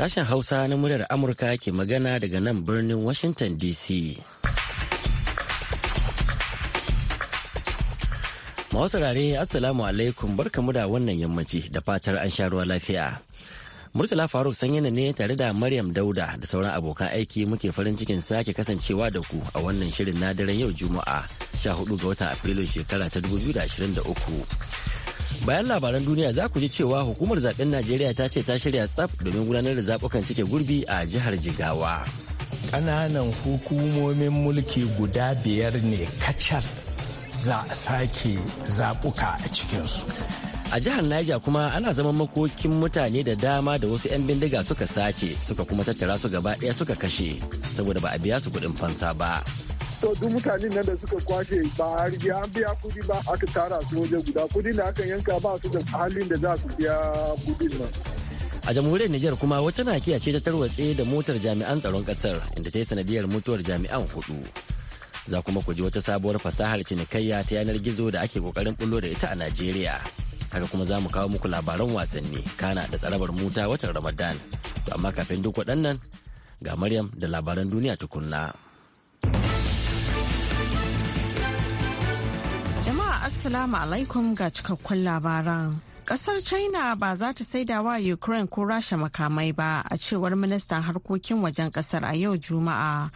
Sashen Hausa na muryar Amurka ke magana daga nan birnin Washington DC. Mawasarare Assalamu alaikum barkamu da wannan yammaci da fatar an sha ruwa lafiya. Murtala Faruk sanyina ne tare da Maryam Dauda da sauran abokan aiki muke farin cikin sake kasancewa da ku a wannan shirin na daren yau Juma'a 14 ga watan Afrilun shekara ta 2023. bayan labaran duniya za ku ji cewa hukumar zaben najeriya ta ce ta shirya tsaf domin gudanar da zabukan cike gurbi a jihar jigawa ƙananan hukumomin mulki guda biyar ne kacal za a sake zabuka a cikinsu a jihar Niger kuma ana zama makokin mutane da dama da wasu 'yan bindiga suka sace suka kuma tattara su gaba ɗaya suka kashe saboda ba a biya su kuɗin fansa ba to duk mutanen nan da suka kwashe ba har an biya kudi ba aka tara su waje guda kudi da aka yanka ba su da halin da za su biya kudin nan a jamhuriyar Nijar kuma wata nakiya ce ta tarwatse da motar jami'an tsaron kasar inda ta yi sanadiyar mutuwar jami'an hudu za kuma ku ji wata sabuwar fasahar cinikayya ta yanar gizo da ake kokarin bullo da ita a Najeriya haka kuma za mu kawo muku labaran wasanni kana da tsarabar muta watan ramadan to amma kafin duk waɗannan ga maryam da labaran duniya tukunna. Assalamu alaikum ga cikakkun labaran. Kasar China ba za ta saida wa Ukraine ko Rasha makamai ba a cewar ministan harkokin wajen kasar a yau Juma'a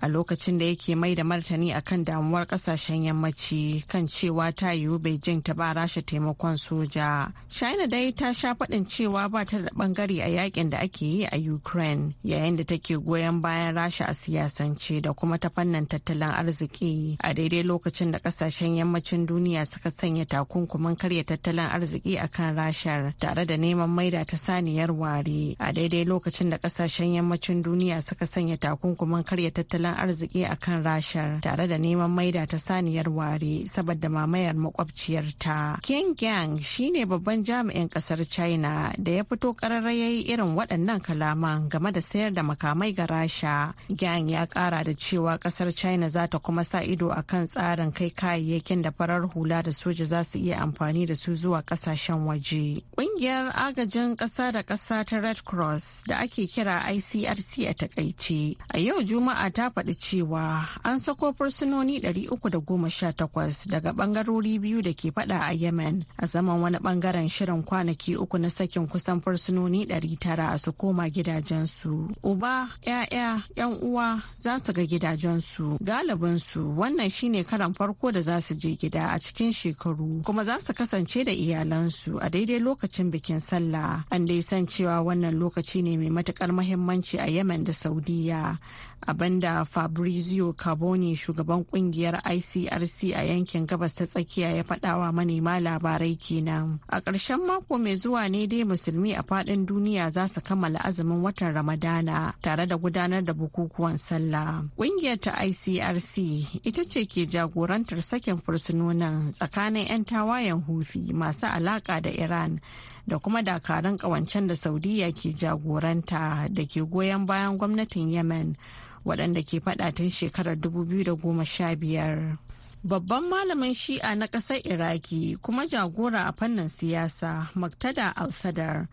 a lokacin da yake mai da martani akan damuwar kasashen yammaci kan cewa ta yiwu beijing ta ba rasha taimakon soja china dai ta sha faɗin cewa ba ta da bangare a yakin da ake yi a ukraine yayin da take goyon bayan rasha a siyasance da kuma ta fannin tattalin arziki a daidai lokacin da kasashen yammacin duniya suka sanya takunkumin karya tattalin arziki akan rashar tare da neman maida ta saniyar ware a daidai lokacin da kasashen yammacin duniya suka sanya takunkumin karya tattalin tattalin arziki a kan rashar tare da neman maida ta saniyar ware saboda mamayar makwabciyarta. King shi ne babban jami'in kasar China da ya fito kararrayayi irin waɗannan kalaman game da sayar da makamai ga rasha. gang ya ƙara da cewa kasar China za ta kuma sa ido a kan tsarin kai kayayyakin da farar hula da soja za su iya amfani da su zuwa ƙasashen waje. Ƙungiyar agajin ƙasa da ƙasa ta Red Cross da ake kira ICRC a takaice. A yau Juma'a ta faɗi cewa an sako fursunoni 318 daga ɓangarori biyu da ke faɗa a Yemen a zaman wani ɓangaren shirin kwanaki uku na sakin kusan fursunoni 900 su koma gidajensu. Uba, 'ya'ya, 'yan uwa za su ga gidajensu. Galibinsu wannan shine karan farko da za su je gida a cikin shekaru kuma za su kasance da iyalansu a daidai lokacin bikin sallah. An dai san cewa wannan lokaci ne mai matukar mahimmanci a Yemen da Saudiya. abinda fabrizio carboni shugaban kungiyar icrc a yankin gabas ta tsakiya ya faɗawa manema labarai kenan a ƙarshen mako mai zuwa ne dai musulmi a faɗin duniya za su kammala azumin watan ramadana tare da gudanar da bukukuwan sallah kungiyar ta icrc ita ce ke jagorantar sakin fursunonin tsakanin 'yan tawayen hufi masu alaƙa da iran da kuma dakarun ƙawancen da saudiya ke jagoranta da ke goyon bayan gwamnatin yemen waɗanda ke faɗa tun shekarar 2015. Babban malamin shi'a na ƙasar Iraki kuma jagora a fannin siyasa Maktada al-Sadar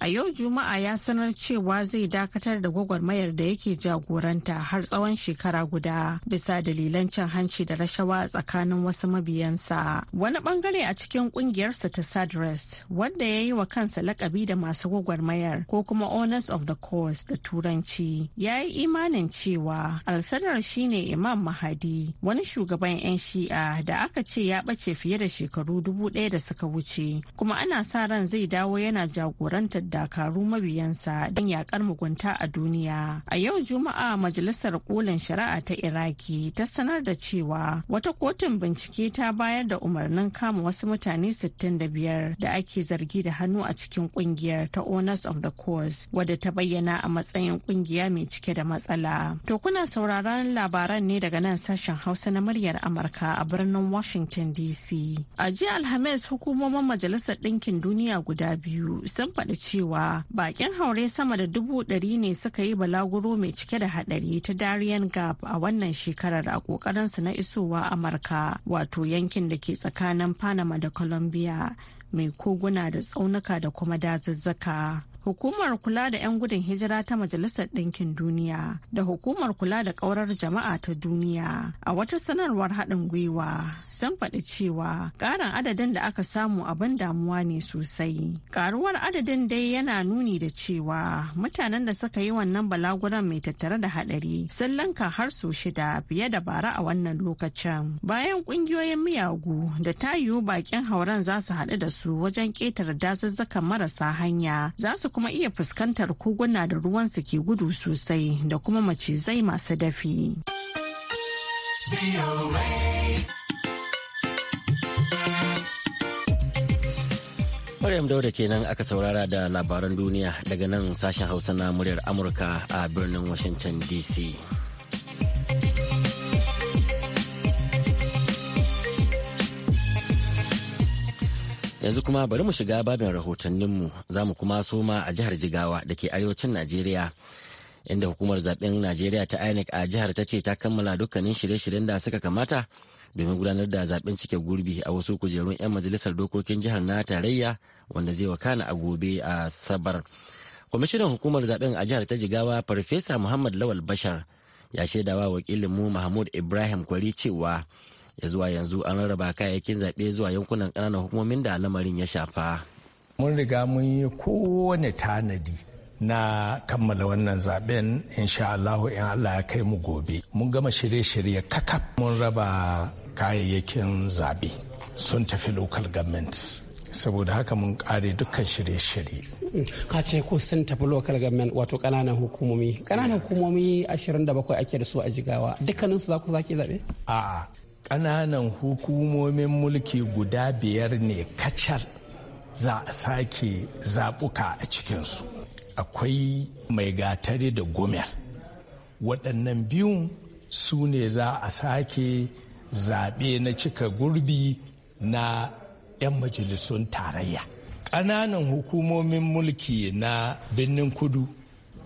a yau juma'a ya sanar cewa zai dakatar da gwagwarmayar da yake jagoranta har tsawon shekara guda bisa dalilan cin hanci da rashawa tsakanin wasu mabiyansa wani bangare a cikin kungiyarsa ta sadrest wanda ya yi wa kansa lakabi da masu gwagwarmayar ko kuma owners of the course da turanci ya yi imanin cewa alsadar shine imam mahadi wani shugaban 'yan shi'a da aka ce ya ɓace fiye da shekaru dubu ɗaya da suka wuce kuma ana sa ran zai dawo yana jagoranta rundunar dakaru mabiyansa don yakar mugunta a duniya. A yau Juma'a Majalisar Kolin Shari'a ta Iraki ta sanar da cewa wata kotun bincike ta bayar da umarnin kama wasu mutane 65 da ake zargi da hannu a cikin kungiyar ta Owners of the Cause wadda ta bayyana a matsayin kungiya mai cike da matsala. To kuna sauraron labaran ne daga nan sashen Hausa na muryar Amurka a birnin Washington DC. A jiya Alhamis hukumomin Majalisar Ɗinkin Duniya guda biyu sun faɗi cewa bakin haure sama da dubu ɗari ne suka yi balaguro mai cike da haɗari ta Darien Gap a wannan shekarar a ƙoƙarinsu na isowa Amurka wato yankin da ke tsakanin Panama da Colombia mai koguna da tsaunuka da kuma dazuzzuka. hukumar kula da 'yan gudun hijira ta majalisar ɗinkin duniya da hukumar kula da ƙaurar jama'a ta duniya a wata sanarwar haɗin gwiwa sun faɗi cewa ƙarin adadin da aka samu abin damuwa ne sosai ƙaruwar adadin dai yana nuni da cewa mutanen da suka yi wannan balaguran mai tattare da haɗari sun lanka har sau shida fiye da bara a wannan lokacin bayan ƙungiyoyin miyagu da ta yiwu bakin hauren za su haɗu da su wajen ƙetare dazuzzukan marasa hanya za su kuma iya fuskantar koguna da su ke gudu sosai da kuma mace zai masu dafi. Maryam Dauda kenan aka saurara da labaran duniya daga nan sashen Hausa na muryar Amurka a birnin Washington DC. yanzu kuma bari mu shiga babin rahotanninmu za mu kuma soma a jihar jigawa da ke arewacin najeriya inda hukumar zaben najeriya ta inec a jihar ta ce ta kammala dukkanin shirye-shiryen da suka kamata domin gudanar da zaben cike gurbi a wasu kujerun 'yan majalisar dokokin jihar na tarayya wanda zai wakana a gobe a sabar kwamishinan hukumar zaben a jihar ta jigawa farfesa muhammad lawal bashar ya shaidawa wakilinmu mahmud ibrahim kwari cewa ya zuwa yanzu an rarraba kayayyakin zaɓe zuwa yankunan ƙananan hukumomin da lamarin ya shafa mun riga mun yi kowane tanadi na kammala wannan zaben insha Allah in Allah ya kai mu gobe mun gama shirye-shirye kakaf mun raba kayayyakin zabe sun tafi local government saboda haka mun kare dukkan shirye-shirye. ka ce ko sun tafi local government wato kananan hukumomi kananan hukumomi 27 ake da su a jigawa dukkaninsu za ku zaki zaɓe? a'a Kananan hukumomin mulki guda biyar ne kacal za a sake zaɓuka a cikinsu akwai mai gatari da gomer waɗannan biyun su ne za a sake zaɓe na cika gurbi na 'yan majalisun tarayya ƙananan hukumomin mulki na birnin kudu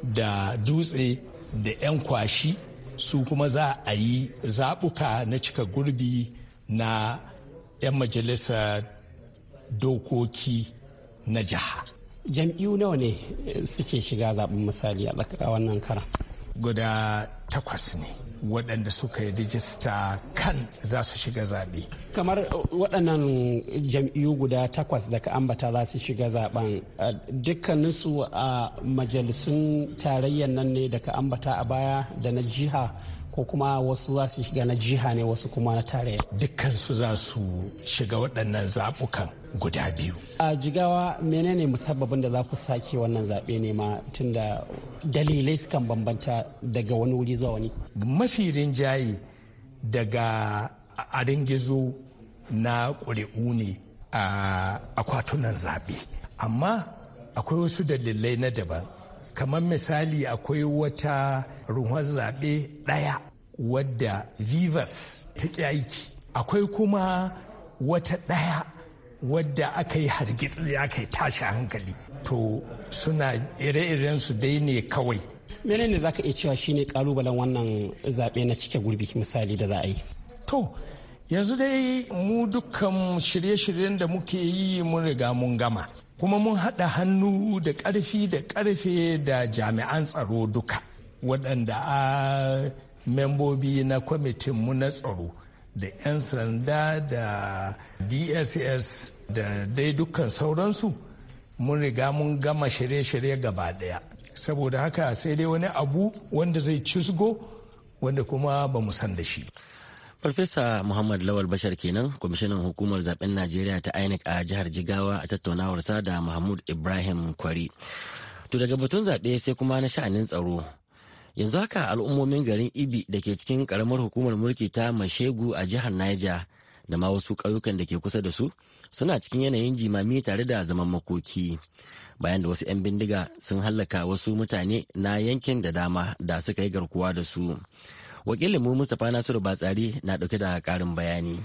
da dutse da 'yan kwashi su kuma za a yi zaɓuka na cika gurbi na 'yan majalisa dokoki na jiha jam'iyyu nawa ne suke shiga zaɓen misali a wannan karan guda takwas ne waɗanda suka yi rijista kan za su shiga zaɓe. kamar uh, waɗannan jam'iyyu guda takwas da ka ambata za su shiga zaɓen uh, dukkaninsu a majalisun tarayyar nan ne da ka ambata a baya da na jiha ko kuma wasu za su shiga na jiha ne wasu kuma na tarayya dukkansu za su shiga waɗannan zaɓukan guda biyu a jigawa menene musabbabin da za ku sake wannan zaɓe ne ma tunda dalilai sukan bambanta daga wani wuri zuwa wani mafi rinjaye daga arin gizo na ƙuri'u ne a akwatunan zaɓe amma akwai wasu dalilai na daban kamar misali akwai wata ruhun zaɓe ɗaya wadda vivas ta aiki akwai kuma wata ɗaya wadda aka yi hargitsi aka yi tashi hankali to suna ire-iren su dai ne kawai menene za ka iya cewa shine kalubalen wannan zaɓe na cike gurbi misali da za a yi to yanzu dai mu dukkan shirye-shiryen da muke yi mun riga mun gama kuma mun haɗa hannu da ƙarfi da ƙarfe da jami'an tsaro duka waɗanda a membobi na kwamitinmu na tsaro da 'yan sanda da dss da dai dukkan sauransu mun riga mun gama shirye-shirye gaba ɗaya saboda haka sai dai wani abu wanda zai cisgo wanda kuma ba mu san da shi Farfesa Muhammad Lawal Bashar kenan kwamishinan hukumar zaben Najeriya ta INEC a jihar Jigawa a tattaunawarsa da Mahmud Ibrahim Kwari. To daga batun zaɓe sai kuma na sha'anin tsaro. Yanzu haka al'ummomin garin Ibi da ke cikin ƙaramar hukumar mulki ta Mashegu a jihar Niger da ma wasu ƙauyukan da ke kusa da su suna cikin yanayin jimami tare da zaman makoki. Bayan da wasu 'yan bindiga sun hallaka wasu mutane na yankin da dama da suka yi garkuwa da su. wakilin mu mustapha nasiru batsari na dauke da karin bayani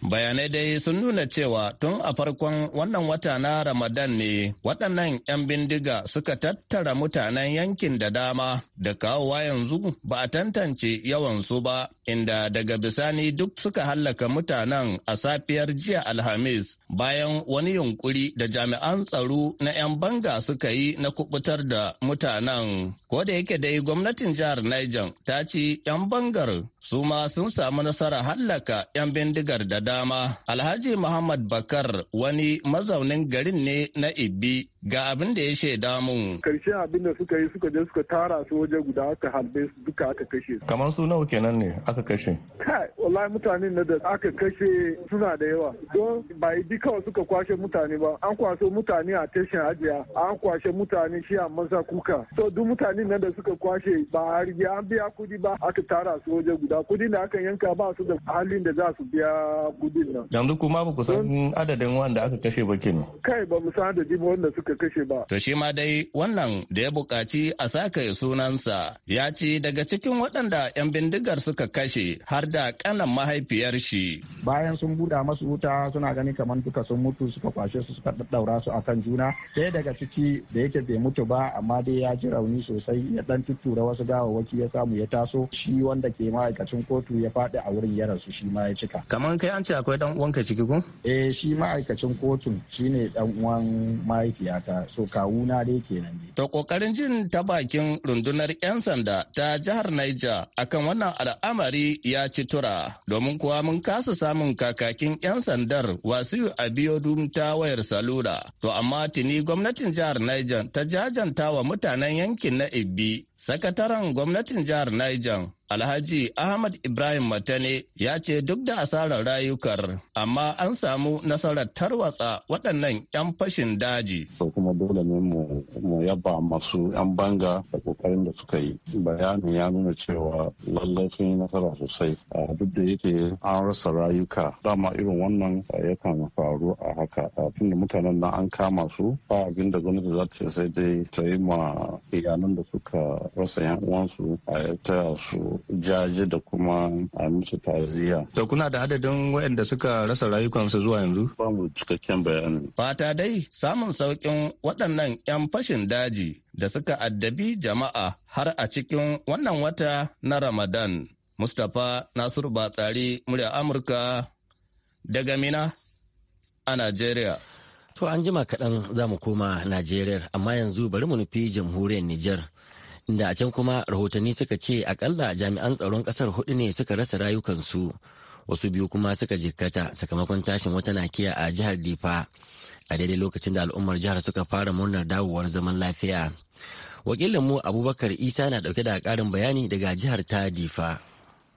bayanai dai sun nuna cewa tun a farkon wannan wata na ramadan ne waɗannan 'yan bindiga suka tattara mutanen yankin da dama da kawowa yanzu ba a tantance yawansu ba inda daga bisani duk suka hallaka mutanen a safiyar jiya alhamis bayan wani yunkuri da jami'an tsaro na 'yan banga suka yi na kubutar da mutanen ko da yake dai gwamnatin jihar niger ta ce 'yan bangar su ma sun samu nasarar hallaka 'yan bindigar da dama. Alhaji Muhammad Bakar wani mazaunin garin ne na Ibi ga abin da ya shaida mun. karshen abin da suka yi suka je suka tara su waje guda aka harbe su duka aka kashe su. Kamar su nawa kenan ne aka kashe? Kai, wallahi mutanen na da aka kashe suna da yawa. Don ba yi kawai suka kwashe mutane ba, an kwaso mutane a tashin ajiya, an kwashe mutane shi a masa kuka. So duk mutanen na da suka kwashe ba a riga an biya kudi ba aka tara su waje guda. Kudi da aka yanka ba su da halin da za su biya kudin nan. Yanzu kuma ba ku san adadin wanda aka kashe ba kenan. Kai ba mu san adadin wanda suka aka kashe ba. To shi ma dai wannan da ya buƙaci a sake sunansa ya ce daga cikin waɗanda 'yan bindigar suka kashe har da ƙanan mahaifiyar shi. Bayan sun buɗa masu wuta suna gani kamar duka sun mutu suka kwashe su suka ɗaɗɗaura su akan juna. Ɗaya daga ciki da yake bai mutu ba amma dai ya ji rauni sosai ya ɗan tuttura wasu gawawwaki ya samu ya taso shi wanda ke ma'aikacin kotu ya faɗi a wurin ya rasu shi ma ya cika. Kamar kai an ce akwai ɗan uwanka ciki ko? Eh shi ma'aikacin kotun shine ɗan uwan mahaifiya ta so kawuna dai kenan dai. To kokarin jin ta bakin rundunar 'yan sanda ta jihar Niger akan wannan al'amari ya ci tura domin kuwa mun kasa samun kakakin 'yan sandar wasu abiodun ta wayar salula. To amma tuni gwamnatin jihar Niger ta jajanta wa mutanen yankin na Ibbi Sakataren gwamnatin jihar Niger, Alhaji Ahmad Ibrahim Matane ya ce duk da asarar rayukar, amma an samu nasarar tarwatsa waɗannan 'yan fashin daji. So kuma dole ne mu yaba masu 'yan banga da ƙoƙarin da suka yi. Bayanin ya nuna cewa lallai sun yi nasara sosai. Duk da yake an rasa rayuka, dama irin wannan yakan faru a haka. Tunda mutanen nan an kama su, ba abinda gwamnati za ta sai dai ta yi ma iyalan da suka rasa yan uwansu a taya su jaji da kuma a musu taziya. To kuna da adadin waɗanda suka rasa rayukansu zuwa yanzu? Ba mu cikakken bayani. Fata dai samun sauƙin waɗannan 'yan fashin daji da suka addabi jama'a har a cikin wannan wata na Ramadan. Mustapha Nasiru Batsari, murya Amurka daga Mina a Najeriya. To an jima kaɗan za mu koma Najeriya amma yanzu bari mu nufi jamhuriyar Nijar inda a can kuma rahotanni suka ce akalla jami'an tsaron kasar hudu ne suka rasa rayukansu wasu biyu kuma suka jikkata sakamakon tashin wata nakiya a jihar difa a daidai lokacin da al'ummar jihar suka fara murnar dawowar zaman lafiya wakilinmu abubakar isa na dauke da karin bayani daga jihar ta difa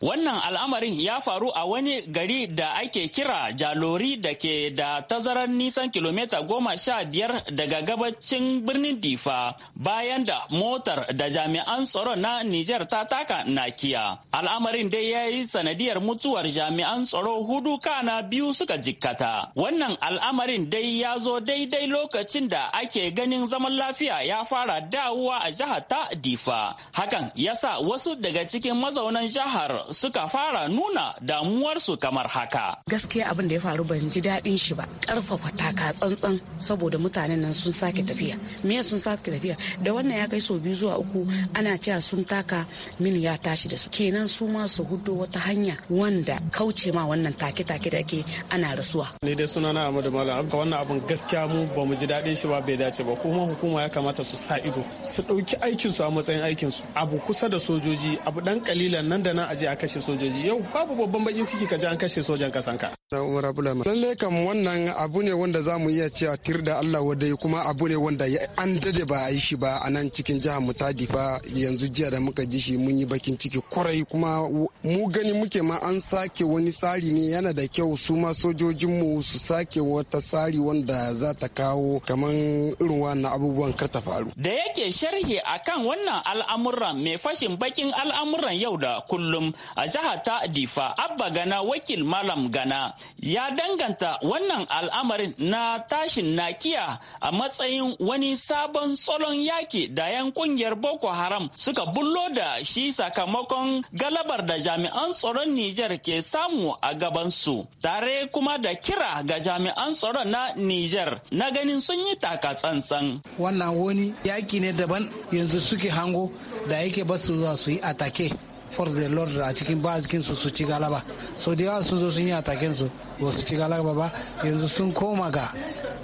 Wannan al'amarin ya faru a wani gari da ake kira Jalori da ke da tazarar nisan kilomita goma sha biyar daga gabacin birnin Difa bayan da motar da jami'an tsaro na Nijar ta taka nakiya. Al'amarin dai ya yi sanadiyar mutuwar jami'an tsaro hudu kana biyu suka jikkata. Wannan al'amarin dai ya zo daidai lokacin da ake ganin zaman lafiya ya fara dawowa a jihar ta Difa. Hakan ya sa wasu daga cikin mazaunan jihar suka fara nuna damuwarsu kamar haka. Gaskiya abin da ya faru ban ji daɗin shi ba ƙarfafa taka tsantsan saboda mutanen nan sun sake tafiya. Me sun sake tafiya da wannan ya kai sau biyu zuwa uku ana cewa sun taka mini ya tashi da su kenan su ma su hudo wata hanya wanda kauce ma wannan take-take da ke ana rasuwa. Ni dai sunana Ahmadu Malam ka wannan abin gaskiya mu ba mu ji daɗin shi ba bai dace ba kuma hukuma ya kamata su sa ido su ɗauki aikinsu a matsayin aikinsu abu kusa da sojoji abu ɗan kalilan nan da nan aje a kashe sojoji yau babu babban bakin ciki ka ji an kashe sojan kasanka. Umar Abdulrahman. Lalle kam wannan abu ne wanda za mu iya cewa tirda da Allah wadai kuma abu ne wanda an dade ba a yi shi ba a nan cikin jihar mu ta yanzu jiya da muka ji shi mun yi bakin ciki kwarai kuma mu gani muke ma an sake wani tsari ne yana da kyau su ma sojojinmu su sake wata tsari wanda za ta kawo kaman irin wannan abubuwan kar ta faru. Da yake sharhi akan wannan al'amuran mai fashin bakin al'amuran yau da kullum a jihar ta difa abba gana wakil malam gana ya danganta wannan al'amarin na tashin nakiya a matsayin wani sabon tsalon yaki da 'yan kungiyar boko haram suka bullo da shi sakamakon galabar da jami'an tsaron niger ke samu a gabansu tare kuma da kira ga jami'an tsaron na niger na ganin sun yi taka tsantsan wannan wani yaki ne daban yanzu suke hango da yake basu zuwa su yi atake force da lord a cikin bazikin su su ci galaba so da yawa sun zo sun yi atakin su ba su ci galaba ba yanzu sun koma ga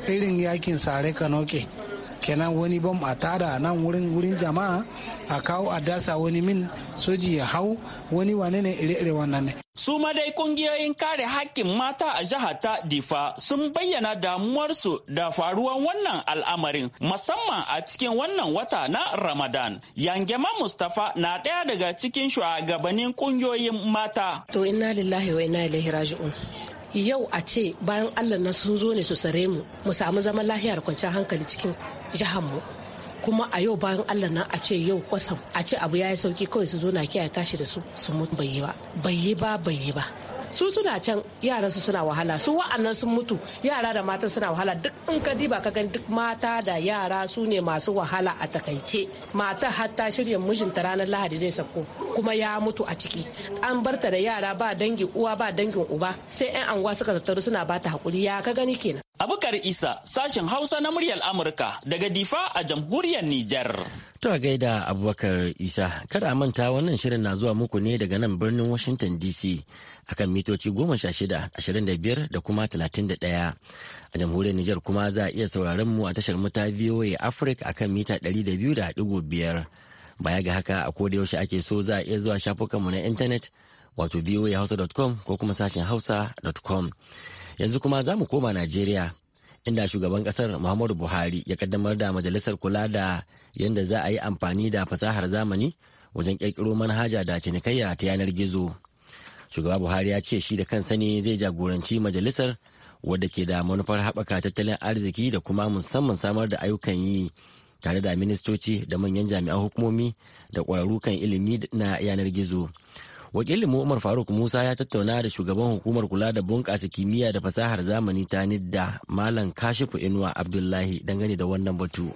irin yakin sare kanoke kenan wani bom a tara nan wurin wurin jama'a a kawo a dasa wani min soji ya hau wani wane ne ire-ire wannan ne su ma dai kungiyoyin kare hakkin mata a jihar ta difa sun bayyana damuwarsu da faruwan wannan al'amarin musamman a cikin wannan wata na ramadan yangema mustafa na ɗaya daga cikin shugabannin kungiyoyin mata to inna lillahi wa inna ilaihi raji'un yau a ce bayan allah na sun zo ne su sare mu mu samu zaman lahiyar kwanciyar hankali cikin mu kuma a yau bayan allah nan a ce yau kwasan a ce abu ya yi sauki kawai su zo na kiyaye tashi da su su mutu bai ba bai yi ba bai yi ba su suna can yaransu su suna wahala su wa'annan sun mutu yara da mata suna wahala duk in ka diba ka gani duk mata da yara su ne masu wahala a takaice mata hatta shirya mijinta ranar lahadi zai sako kuma ya mutu a ciki an barta da yara ba dangi uwa ba dangin uba sai yan anguwa suka tattaru suna bata hakuri ya ka gani kenan abukar isa sashen hausa na muryar amurka daga difa a jamhuriyar nijar To a gaida Abubakar Isa, kada a manta wannan shirin na zuwa muku ne daga nan birnin Washington DC akan mitoci goma sha shida, ashirin da biyar da kuma talatin da ɗaya. A jamhuriyar Nijar kuma za a iya sauraron mu a tashar mu ta VOA Africa akan mita ɗari da biyu da ɗigo biyar. Baya ga haka a koda yaushe ake so za a iya zuwa shafukanmu na intanet wato voahausa.com ko kuma sashen hausa.com. Yanzu kuma za mu koma Najeriya inda shugaban kasar Muhammadu Buhari ya kaddamar da majalisar kula da yadda za a yi amfani da fasahar zamani wajen ƙirƙiro manhaja da cinikayya ta yanar gizo shugaba buhari ya ce shi da kansa ne zai jagoranci majalisar wadda ke da manufar haɓaka tattalin arziki da kuma musamman samar da ayyukan yi tare da ministoci da manyan jami'an hukumomi da ƙwararru kan ilimi na yanar gizo wakilin umar faruk musa ya tattauna da shugaban hukumar kula da bunƙasa kimiyya da fasahar zamani ta nidda malam kashifu inuwa abdullahi dangane da wannan batu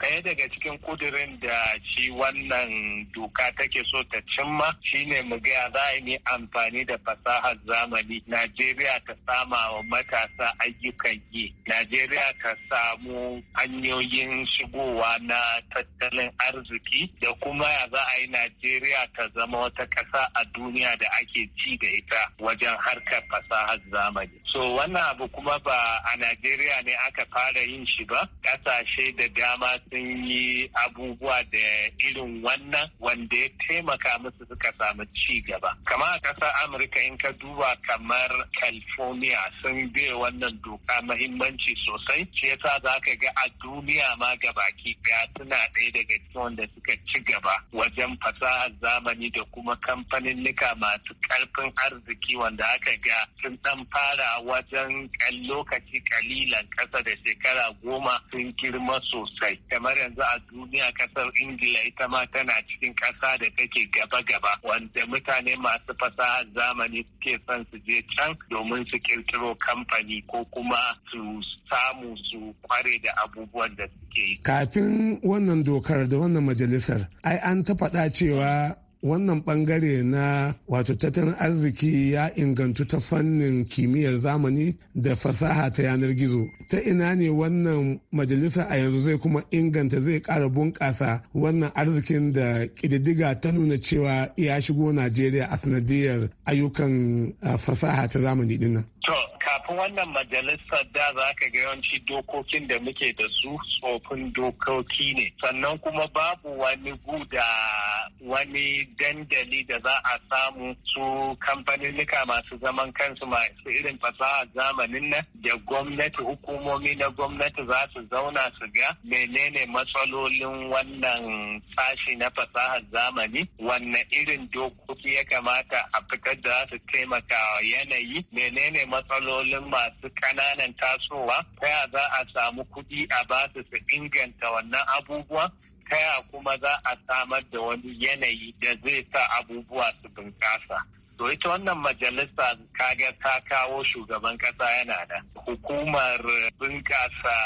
ɗaya daga cikin kudirin da shi wannan doka take so ta cimma shine mu ga za a yi amfani da fasahar zamani najeriya ta sama wa matasa ayyukan yi najeriya ta samu hanyoyin shigowa na tattalin arziki da kuma ya za a yi najeriya ta zama wata ƙasa a duniya da ake ci da ita wajen harkar fasahar zamani so wannan abu kuma ba a najeriya ne aka fara yin shi ba ƙasashe da dama sun yi abubuwa da irin wannan wanda ya taimaka musu suka samu ci gaba kama a ƙasar amurka in ka duba kamar california sun bi wannan doka mahimmanci sosai shi yasa za ka ga a duniya ma gabaki ɗaya suna ɗaya daga cikin wanda suka ci gaba wajen fasahar zamani da kuma kamfanin nika masu ƙarfin arziki wanda aka ga sun ɗan fara wajen lokaci kalilan ƙasa da shekara goma sun girma sosai kamar yanzu a duniya kasar ingila ita ma tana cikin ƙasa da take gaba-gaba wanda mutane masu fasahar zamani suke son su je can domin su kirkiro kamfani ko kuma su samu su kware da abubuwan da suke yi kafin wannan dokar da wannan majalisar ai an ta faɗa cewa wannan bangare na wato tattalin arziki ya ingantu ta fannin kimiyyar zamani da fasaha ta yanar gizo ta ina ne wannan majalisa a yanzu zai kuma inganta zai kara bunƙasa wannan arzikin da ƙididdiga ta nuna cewa ya shigo najeriya a sanadiyar ayyukan fasaha ta zamani dinnan. kafin wannan majalisar da za ka ga yawanci dokokin da muke da su tsofin dokoki ne sannan kuma babu wani guda wani dandali da za a samu su kamfaninnika masu zaman kansu masu irin fasaha zamanin nan da gwamnati hukumomi na gwamnati za su zauna su ga menene matsalolin wannan sashi na fasahar zamani wanne irin dokoki ya kamata a fitar da za su taimaka yanayi menene matsalolin wajen masu kananan tasowa ta ya za a samu kudi a ba su su inganta wannan abubuwa ta ya kuma za a samar da wani yanayi da zai sa abubuwa su bunƙasa to ita wannan majalisa kaga ta kawo shugaban kasa yana da hukumar bunƙasa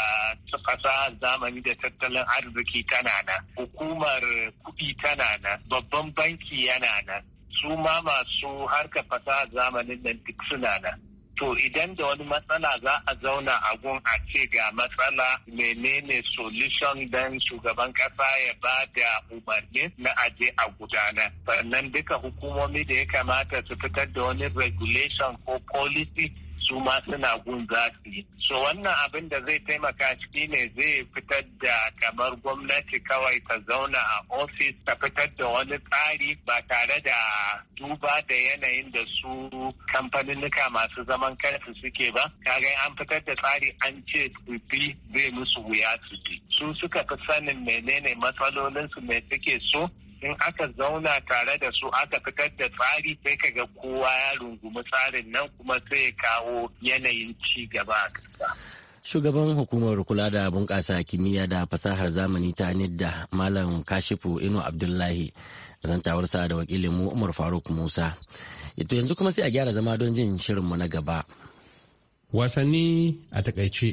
fasahar zamani da tattalin arziki tana nan hukumar kuɗi tana nan babban banki yana nan su ma masu harkar fasahar zamanin nan duk suna nan to idan da wani matsala za a zauna a gun a ce ga matsala menene solution dan shugaban kasa ya ba da umarni na aje a gudana sannan duka hukumomi da ya kamata su fitar da wani regulation ko policy su ma suna gun zafi. So wannan abin da zai taimaka shi ne zai fitar da kamar gwamnati kawai ta zauna a ofis ta fitar da wani tsari ba tare da duba da yanayin da su kamfaninnika masu zaman kansu suke ba. Kaga an fitar da tsari an ce su zai musu wuya su ji. Su suka fi sanin menene matsalolinsu me suke so in aka zauna tare da su aka fitar da tsari sai ka ga kowa ya rungumi tsarin nan kuma sai kawo yanayin ci gaba a Shugaban hukumar kula da bunƙasa kimiyya da fasahar zamani ta da Malam Kashifu Inu Abdullahi zantawarsa da wakilin mu Umar Faruk Musa. Ito yanzu kuma sai a gyara zama don jin shirin mu na gaba. Wasanni a takaice.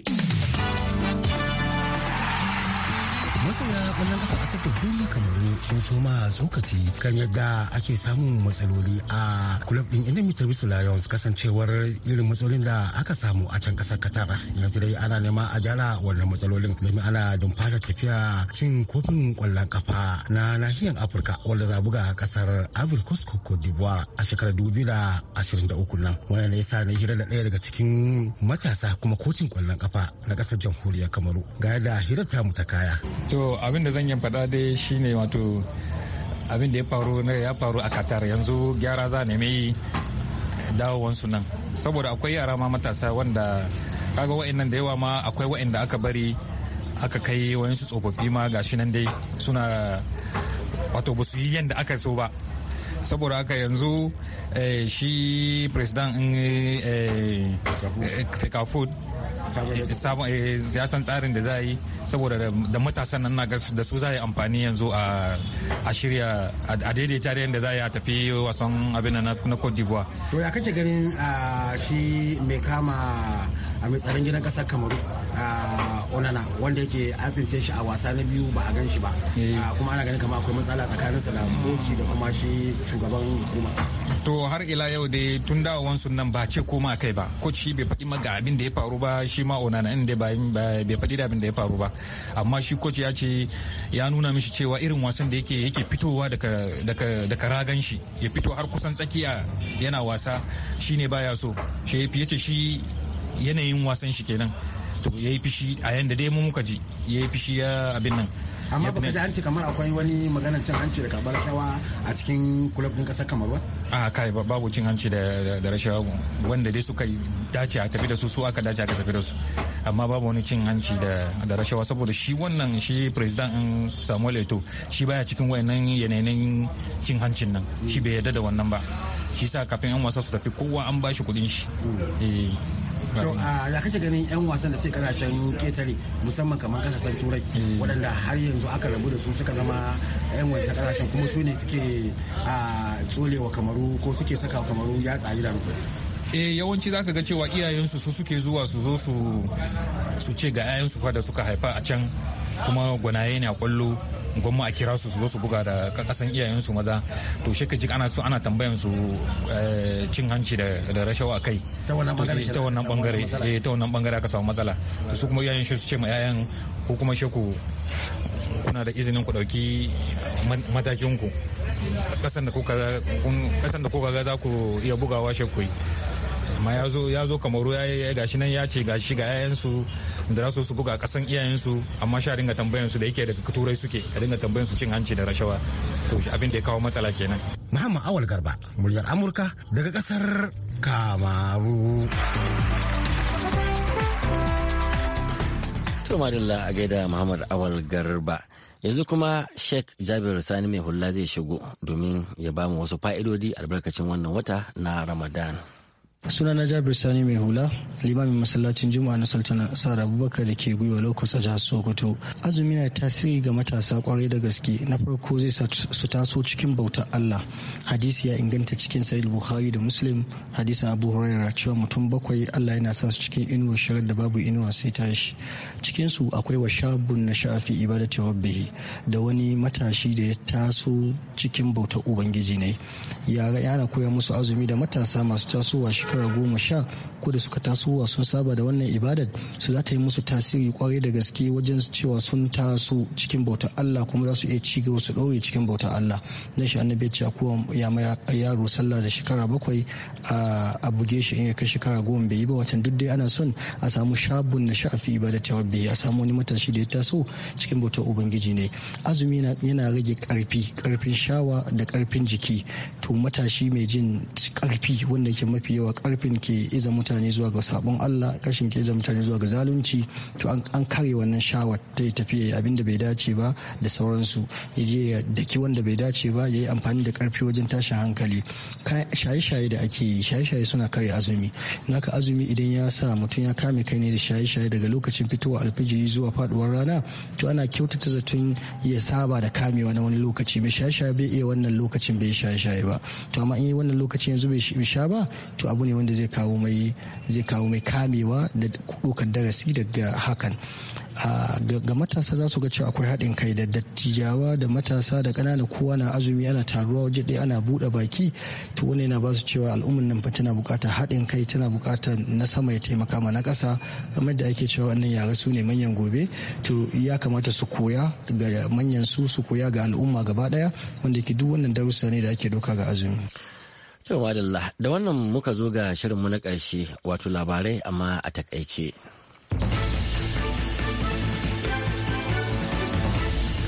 masana wannan kafa a sake duniya kamar sun soma tsokaci kan yadda ake samun matsaloli a kulab ɗin inda bisu lions kasancewar irin matsalolin da aka samu a can kasar qatar yanzu dai ana nema a gyara wannan matsalolin domin ana don fara tafiya cin kofin kwallon kafa na nahiyar afirka wanda za buga kasar ivory coast ko cote d'ivoire a shekarar uku nan wannan ne yasa na hira da ɗaya daga cikin matasa kuma kocin kwallon kafa na kasar jamhuriyar kamaru ga yadda hirar mu ta kaya. to abin da zan yi faɗa dai shine wato abin da ya faru na ya faru a qatar yanzu gyara za ne mai dawowansu nan saboda akwai yara ma matasa wanda kaga wa'annan da yawa ma akwai wa'anda aka bari aka kai wayansu tsofaffi ma gashi nan dai suna wato ba su yi yadda aka so ba saboda aka yanzu eh, shi president in eh, eh sabon eh, siyasan eh, tsarin da za yi saboda da matasan nan da su za yi amfani yanzu a shirya a daidaita da yadda za a tafi wasan abin na Cote d'Ivoire. To ya kake ganin ah, shi mai kama a mai tsaron gidan kasar Kamaru Ah, onana wanda yake an shi a wasa na biyu ba a gan shi ba eh. ah, kuma ana ganin kama akwai matsala tsakaninsa da moci da kuma shi shugaban hukuma to har ila yau dai tun dawowan sun nan ba ce koma kai ba ko shi bai faɗi maga abin da ya faru ba shi ma onana in bai faɗi da abin da ya faru ba amma shi ko ya ce ya nuna mishi cewa irin wasan da yake yake fitowa daga ragan shi ya fito har kusan tsakiya yana wasa shine baya so shi ya ce shi yanayin wasan shi kenan to yayi fishi a yadda dai mu muka ji yi fishi ya abin nan amma baka ji an ce kamar akwai wani maganar cin hanci da karbar rashawa a cikin kulab din kasar kamar ba a kai babu cin hanci da rashawa wanda dai suka dace a tafi da su su aka dace aka tafi da su amma babu wani cin hanci da rashawa saboda shi wannan shi president samuel eto shi baya cikin wayannan yanayin cin hancin nan shi bai yarda da wannan ba shi sa kafin yan wasa su tafi kowa an bashi kudin shi hmm. eh. to ah, ya kace ganin yan wasan da suke kasashen ketare musamman kamar kasashen turai eh. waɗanda har yanzu aka rabu da su suka zama yan wancan kasashen kuma su ne suke a ah, tsolewa kamaru ko suke saka kamaru ya tsayi da eh yawanci zaka ga cewa iyayensu su suke zuwa su zo su ce ga 'ya'yansu fa da suka haifa a can kuma gwanaye ne a kwallo gwamma a kira su su zo su buga da kakasan iyayensu maza to shi ji ana so ana tambayan su eh, cin hanci da rashawa kai ta wannan bangare eh, eh, ta wannan bangare aka samu matsala to su kuma iyayen shi su ce ma iyayen ko kuma shi ku kuna da izinin ku dauki matakin ku kasan da kuka da ga za ku iya bugawa shi ku amma ya zo kamaru ya gashi nan ya ce gashi ga 'ya'yansu da za su buga kasan iyayensu amma sha dinga tambayan su da yake daga turai suke a dinga tambayan su cin hanci da rashawa to abin da ya kawo matsala kenan Muhammad Awal Garba muryar Amurka daga kasar Kamaru To a gaida Muhammad Awal Garba yanzu kuma Sheikh Jabir Sani mai hulla zai shigo domin ya ba mu wasu fa'idodi albarkacin wannan wata na Ramadan. suna na jabir sani mai hula limamin masallacin juma'a na sultana sara abubakar da ke gwiwa lokacin a jihar sokoto azumi na tasiri ga matasa kwarai da gaske na farko zai su taso cikin bautar allah hadisi ya inganta cikin sahih bukhari da muslim hadisin abu huraira cewa mutum bakwai allah yana sa su cikin inuwa shirar da babu inuwa sai ta shi cikin su akwai wa shabun na ibada ibadati rabbihi da wani matashi da ya taso cikin bautar ubangiji ne yara yana koya musu azumi da matasa masu tasowa shi shekara goma sha ko da suka tasowa sun saba da wannan ibadar su za ta yi musu tasiri kwarai da gaske wajen cewa sun taso cikin bauta Allah kuma za su iya ci gaba su ɗaure cikin bauta Allah na shi annabi ya kuwa ya mai yaro sallah da shekara bakwai a buge shi in ya kai shekara goma bai yi ba watan duk dai ana son a samu shabun na shafi ta rabbi a samu wani matashi da ya taso cikin bautar ubangiji ne azumi yana rage karfi karfin shawa da karfin jiki to matashi mai jin karfi wanda ke mafi yawa karfin ke iza mutane zuwa ga sabon Allah kashin ke iza mutane zuwa ga zalunci to an kare wannan shawar ta yi tafiya abin da bai dace ba da sauransu ya je ya daki wanda bai dace ba ya yi amfani da karfi wajen tashin hankali shaye-shaye da ake yi shaye-shaye suna kare azumi naka azumi idan ya sa mutum ya kame kai ne da shaye-shaye daga lokacin fitowa alfijiri zuwa faduwar rana to ana kyautata zaton ya saba da kamewa na wani lokaci mai shaye-shaye bai iya wannan lokacin bai shaye-shaye ba to amma in yi wannan lokacin yanzu bai sha ba to abu ne ne wanda zai kawo mai zai kawo mai kamewa da dokar darasi daga hakan ga matasa za su ga cewa akwai haɗin kai da dattijawa da matasa da ƙanana kowa na azumi ana taruwa waje ɗaya ana buɗe baki to wani yana ba su cewa al'ummar nan fa tana buƙatar haɗin kai tana buƙatar na sama ya taimaka ma na ƙasa kamar da ake cewa wannan yare su ne manyan gobe to ya kamata su koya ga manyan su su koya ga al'umma gaba ɗaya wanda ke duk wannan darussa ne da ake doka ga azumi. To da wannan muka zo ga shirinmu na ƙarshe wato labarai amma a takaice.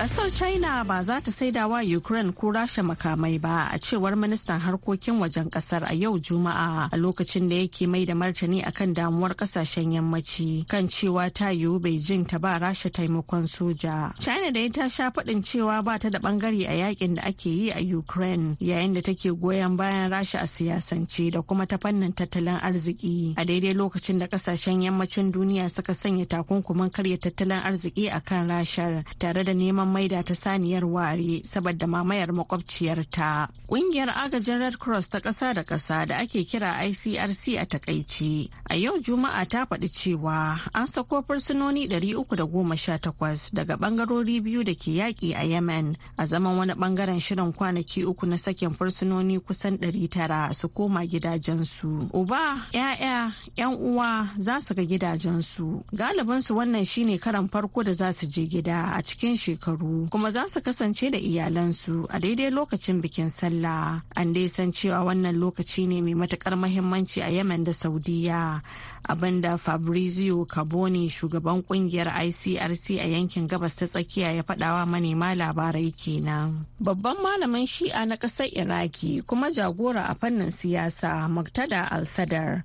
Kasar China ba za ta saida wa Ukraine ko Rasha makamai ba a cewar ministan harkokin wajen kasar a yau Juma'a a lokacin da yake mai da martani akan damuwar kasashen yammaci kan cewa ta yiwu Beijing ta ba Rasha taimakon soja. China da ta sha faɗin cewa ba ta da bangare a yakin da ake yi a Ukraine yayin da take goyon bayan Rasha a siyasance da kuma ta fannin tattalin arziki a daidai lokacin da kasashen yammacin duniya suka sanya takunkumin karya tattalin arziki akan Rashar tare da neman maida ta saniyar ware saboda mamayar makwabciyarta. Ƙungiyar agajin Red Cross ta ƙasa da ƙasa da ake kira ICRC a takaici. A yau Juma'a ta faɗi cewa an sako fursunoni 318 daga ɓangarori biyu da ke yaƙi a Yemen a zaman wani ɓangaren shirin kwanaki uku na sakin fursunoni kusan 900 su koma gidajensu. Uba, 'ya'ya, 'yan uwa za su ga gidajensu. Galibinsu wannan shine karan farko da za su je gida a cikin shekaru shekaru kuma za su kasance da iyalansu a daidai lokacin bikin sallah an dai san cewa wannan lokaci ne mai matukar mahimmanci a yemen da saudiya abinda fabrizio carboni shugaban kungiyar icrc a yankin gabas ta tsakiya ya faɗawa manema labarai kenan babban malamin shi'a na ƙasar iraki kuma jagora a fannin siyasa muktada al-sadar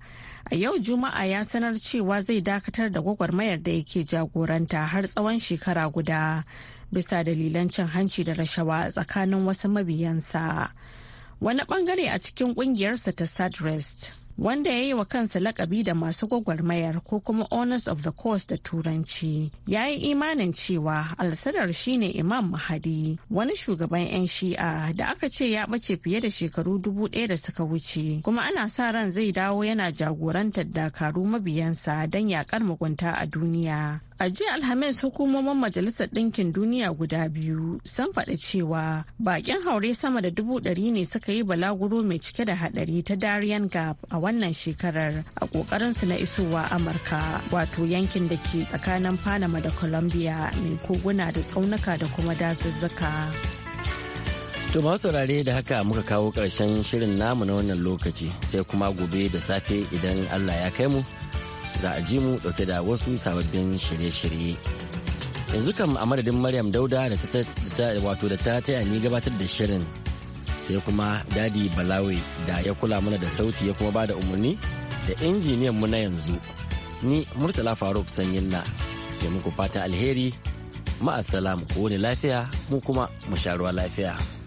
a yau juma'a ya sanar cewa zai dakatar da gwagwarmayar da yake jagoranta har tsawon shekara guda bisa dalilan cin hanci da rashawa tsakanin wasu mabiyansa. Wani bangare a cikin kungiyarsa ta Sadrest, wanda ya yi wa kansa lakabi da masu gwagwarmayar ko kuma Honors of the Course da Turanci, ya yi imanin cewa alsadar shine Imam Mahadi, wani shugaban 'yan shi'a da aka ce ya ɓace fiye da shekaru dubu ɗaya da suka wuce, kuma ana sa ran zai dawo yana jagorantar dakaru mabiyansa don yakar mugunta a duniya. A jiya Alhamis hukumomin Majalisar Ɗinkin Duniya guda biyu sun faɗi cewa baƙin haure sama da dubu ɗari ne suka yi balaguro mai cike da haɗari ta Darien Gap a wannan shekarar a ƙoƙarinsu na isowa Amurka wato yankin da ke tsakanin Panama da Colombia mai koguna da tsaunuka da kuma dazuzzuka. To masu saurare da haka muka kawo ƙarshen shirin namu na wannan lokaci sai kuma gobe da safe idan Allah ya kai mu za a ji mu dauke da wasu sababbin shirye-shirye yanzu kan a madadin maryam dauda da wato da ta taya ni gabatar da shirin sai kuma dadi balawe da ya kula mana da sauti ya kuma bada umarni da injiniyan mu na yanzu ni murtala faruk sanyin na ke muku fata alheri ma'asalam ko wani lafiya mu kuma mu sha ruwa lafiya